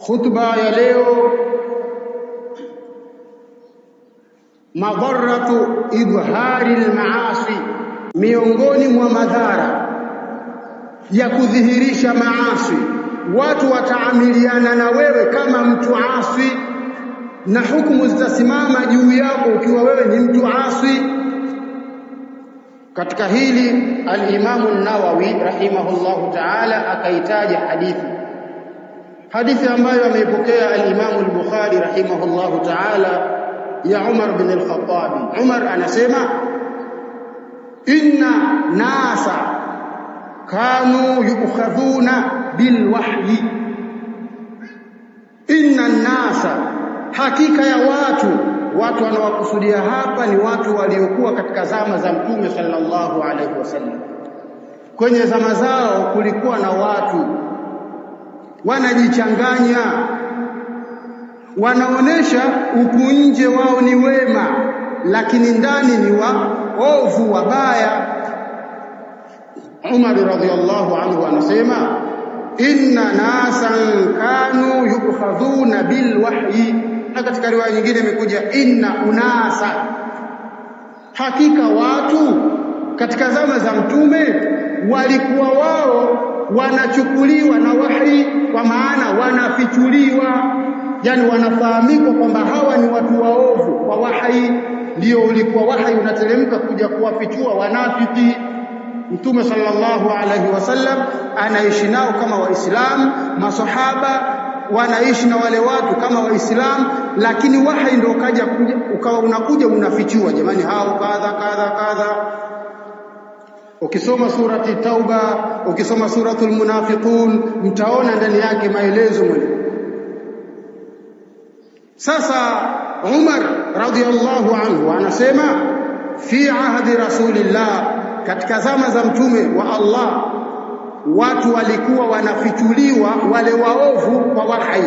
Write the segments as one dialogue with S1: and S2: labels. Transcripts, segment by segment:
S1: Khutba ya leo, madharatu idhari almaasi, miongoni mwa madhara ya kudhihirisha maasi. Watu wataamiliana na wewe kama mtu asi, na hukumu zitasimama juu yako ukiwa wewe ni mtu asi. Katika hili, alimamu Nawawi rahimahullahu taala akaitaja hadithi hadithi ambayo ameipokea alimamu imam al-Bukhari rahimahullahu ta'ala ya Umar bin al-Khattab Umar anasema inna nasa kanu yukhadhuna bilwahyi wahyi inna nasa hakika ya watu watu wanawakusudia hapa ni watu waliokuwa katika zama za mtume sallallahu alaihi wasallam kwenye zama zao kulikuwa na watu wanajichanganya, wanaonesha huku nje wao ni wema, lakini ndani ni waovu wabaya. Umar radhiyallahu anhu anasema inna nasan kanu yukhadhuna bil wahyi, na katika riwaya nyingine imekuja inna unasa, hakika watu katika zama za Mtume walikuwa wao wanachukuliwa na wahi, kwa maana wanafichuliwa, yani wanafahamikwa kwamba hawa ni watu waovu kwa wahi. Ndio ulikuwa wahi unateremka kuja kuwafichua wanafiki. Mtume sallallahu alaihi wasallam anaishi nao kama Waislamu, masahaba wanaishi na wale watu kama Waislamu, lakini wahi ndio ukaja ukawa unakuja unafichua, jamani, hao kadha kadha kadha Ukisoma surati Tauba, ukisoma suratul Munafiqun, mtaona ndani yake maelezo mwalimu. Sasa Umar radhiallahu anhu anasema fi ahdi rasulillah, katika zama za mtume wa Allah watu walikuwa wanafichuliwa wale waovu kwa wahi,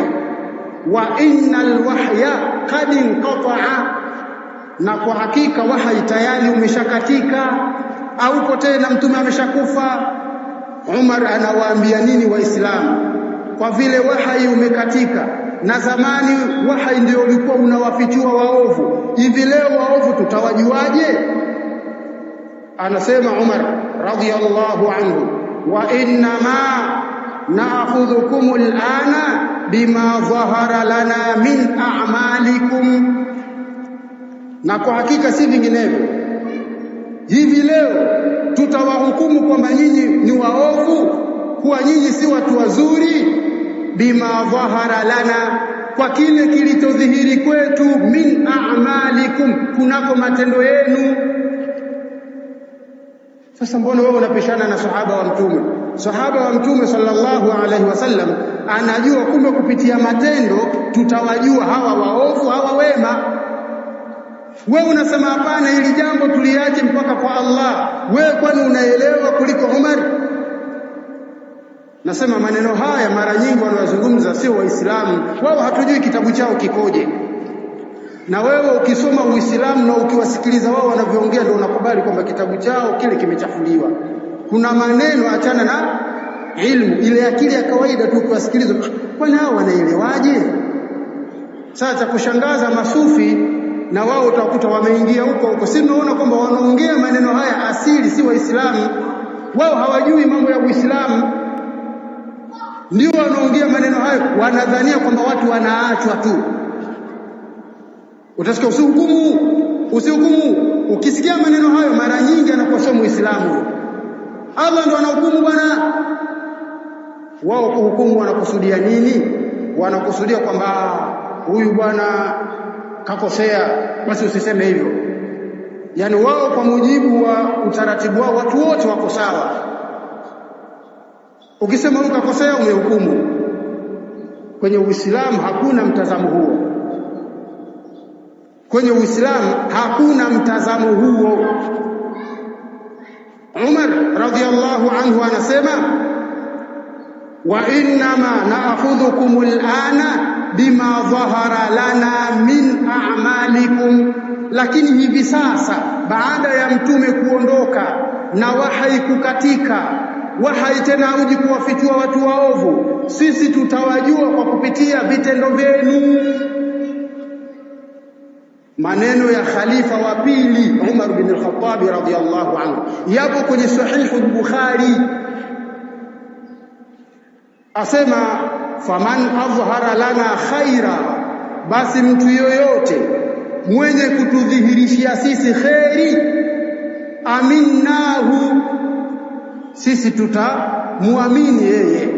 S1: wa innal wahya qad inqata'a, na kwa hakika wahai tayari umeshakatika auko tena, mtume ameshakufa. Umar anawaambia nini Waislamu? Kwa vile wahai umekatika, na zamani wahai ndio ulikuwa unawafichua waovu, hivi leo waovu tutawajuaje? Anasema Umar radhiyallahu anhu, wa innama naakhudhukum alana bima dhahara lana min a'malikum, na kwa hakika si vinginevyo Hivi leo tutawahukumu kwamba nyinyi ni waovu, kuwa nyinyi si watu wazuri? Bima dhahara lana, kwa kile kilichodhihiri kwetu, min a'malikum, kunako matendo yenu. Sasa mbona wewe unapishana na sahaba wa Mtume? Sahaba wa Mtume sallallahu alaihi wasallam anajua, kumbe kupitia matendo tutawajua hawa waovu, hawa wema wewe unasema hapana, ili jambo tuliache mpaka kwa Allah. Wewe kwani unaelewa kuliko Umar? Nasema maneno haya mara nyingi wanayozungumza sio Waislamu, wao hatujui kitabu chao kikoje. Na wewe ukisoma Uislamu na ukiwasikiliza wao wanavyoongea, ndio unakubali kwamba kitabu chao kile kimechafuliwa. Kuna maneno, achana na ilmu ile akili ya kawaida tu, ukiwasikiliza, kwani hao wanaelewaje? Sasa cha kushangaza masufi na wao utakuta wameingia huko huko. Si mnaona kwamba wanaongea maneno haya asili si Waislamu, wao hawajui mambo ya Uislamu, ndio wanaongea maneno hayo, wanadhania kwamba watu wanaachwa tu. Utasikia usihukumu, usihukumu. Ukisikia maneno hayo mara nyingi, anakuwa sio Muislamu. Allah ndo anahukumu bwana. Wao kuhukumu wanakusudia nini? Wanakusudia kwamba huyu bwana kakosea, basi usiseme hivyo. Yaani wao kwa mujibu wa utaratibu wao watu wote wako sawa. Ukisema huyu kakosea, umehukumu. Kwenye Uislamu hakuna mtazamo huo, kwenye Uislamu hakuna mtazamo huo. Umar radhiallahu anhu anasema wa innama na'khudhukum al'ana bima dhahara lana min a'malikum, lakini hivi sasa baada ya mtume kuondoka na wahai kukatika, wahai tena uji kuwafichua watu waovu, sisi tutawajua kwa kupitia vitendo vyenu. Maneno ya khalifa wa pili Umar bin al-Khattab radhiyallahu anhu yapo kwenye sahihu al-Bukhari asema faman adhhara lana khaira, basi mtu yoyote mwenye kutudhihirishia sisi kheri, aminnahu, sisi tutamwamini yeye.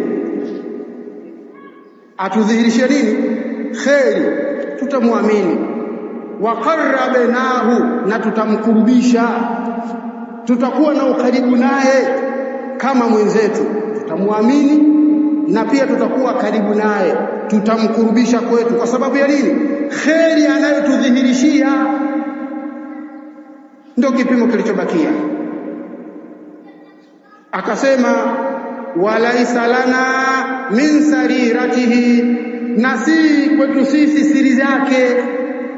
S1: Atudhihirishe nini? Kheri, tutamwamini. Waqarrabnahu, na tutamkurubisha, tutakuwa na ukaribu naye kama mwenzetu, tutamwamini na pia tutakuwa karibu naye, tutamkurubisha kwetu. Kwa sababu ya nini? Kheri anayotudhihirishia ndio kipimo kilichobakia. Akasema walaisa lana min sariratihi, na si kwetu sisi siri zake.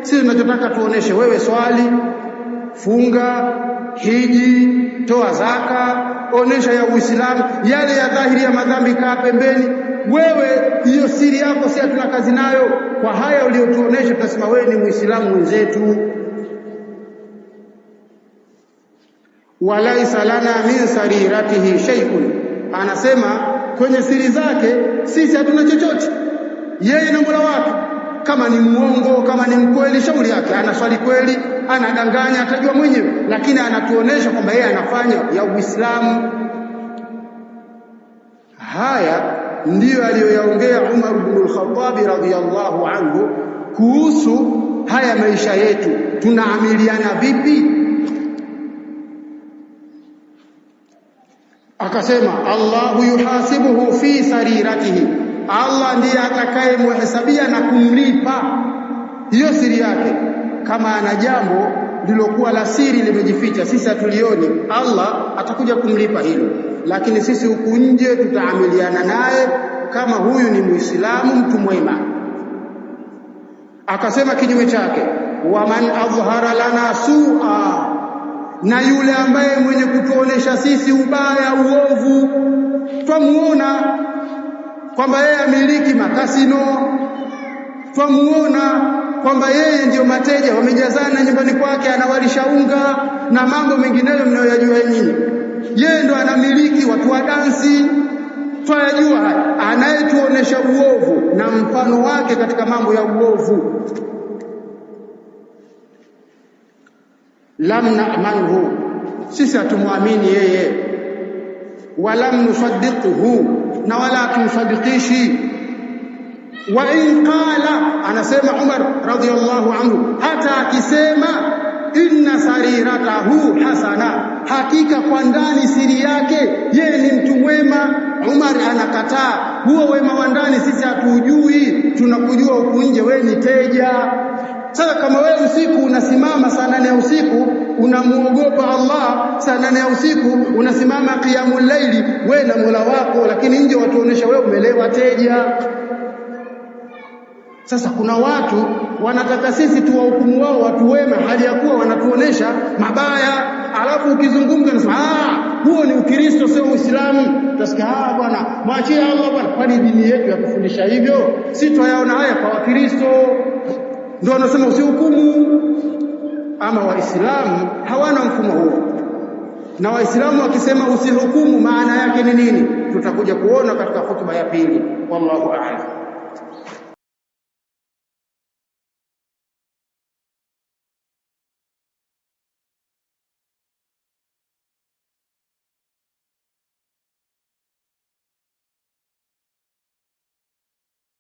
S1: Sisi tunachotaka tuoneshe, wewe swali, funga, hiji, toa zaka onesha ya Uislamu, yale ya dhahiri ya madhambi kaa pembeni. Wewe hiyo siri yako, si hatuna kazi nayo. Kwa haya uliyotuonesha, tunasema wewe ni Muislamu mwenzetu. walaisa lana min sariratihi shay'un, anasema kwenye siri zake sisi hatuna chochote, yeye na Mola wake. Kama ni mwongo, kama ni mkweli, shauri yake, anaswali kweli anadanganya, atajua mwenyewe, lakini anatuonesha kwamba yeye anafanya ya Uislamu. Haya ndiyo aliyoyaongea Umar bin al-Khattab radhiyallahu anhu kuhusu haya maisha yetu, tunaamiliana vipi? Akasema, Allahu yuhasibuhu fi sariratihi, Allah ndiye atakayemhesabia na kumlipa hiyo siri yake kama ana jambo lilokuwa la siri limejificha, sisi hatulioni, Allah atakuja kumlipa hilo. Lakini sisi huku nje tutaamiliana naye kama huyu ni Muislamu, mtu mwema. Akasema kinyume chake, waman adhhara lana sua, na yule ambaye mwenye kutuonesha sisi ubaya, uovu, twamuona kwamba yeye amiliki makasino, twamuona kwamba yeye ndiyo mateja, wamejazana nyumbani kwake, anawalisha unga na mambo mengineyo mnayoyajua nyinyi. Yeye ndo anamiliki watu wa dansi, twayajua haya, anayetuonesha uovu na mfano wake katika mambo ya uovu. Lam namanhu, sisi hatumwamini yeye, walam nusaddiqhu, na wala hatumsadikishi wa in qala anasema Umar radhiyallahu anhu hata akisema inna sariratahu hasana hakika kwa ndani siri yake ye ni mtu mwema Umar anakataa huo wema wa ndani sisi hatujui tunakujua huku nje wewe ni teja sasa kama wewe usiku unasimama sana na ya usiku unamuogopa Allah sana na ya usiku unasimama qiyamul laili wewe na Mola wako lakini nje watuonesha wewe umelewa teja sasa kuna watu wanataka sisi tuwahukumu wao watu wema, hali ya kuwa wanatuonesha mabaya, alafu ukizungumza nasema ah, huo ni Ukristo sio Uislamu. Tutasikia ah, bwana mwachie Allah bwana, kwani dini yetu yakufundisha hivyo? Si twayaona haya kwa Wakristo, ndio wanasema usihukumu. Ama Waislamu hawana mfumo huo, na Waislamu wakisema usihukumu, maana yake ni nini? Tutakuja kuona katika hotuba ya pili. Wallahu a'lam.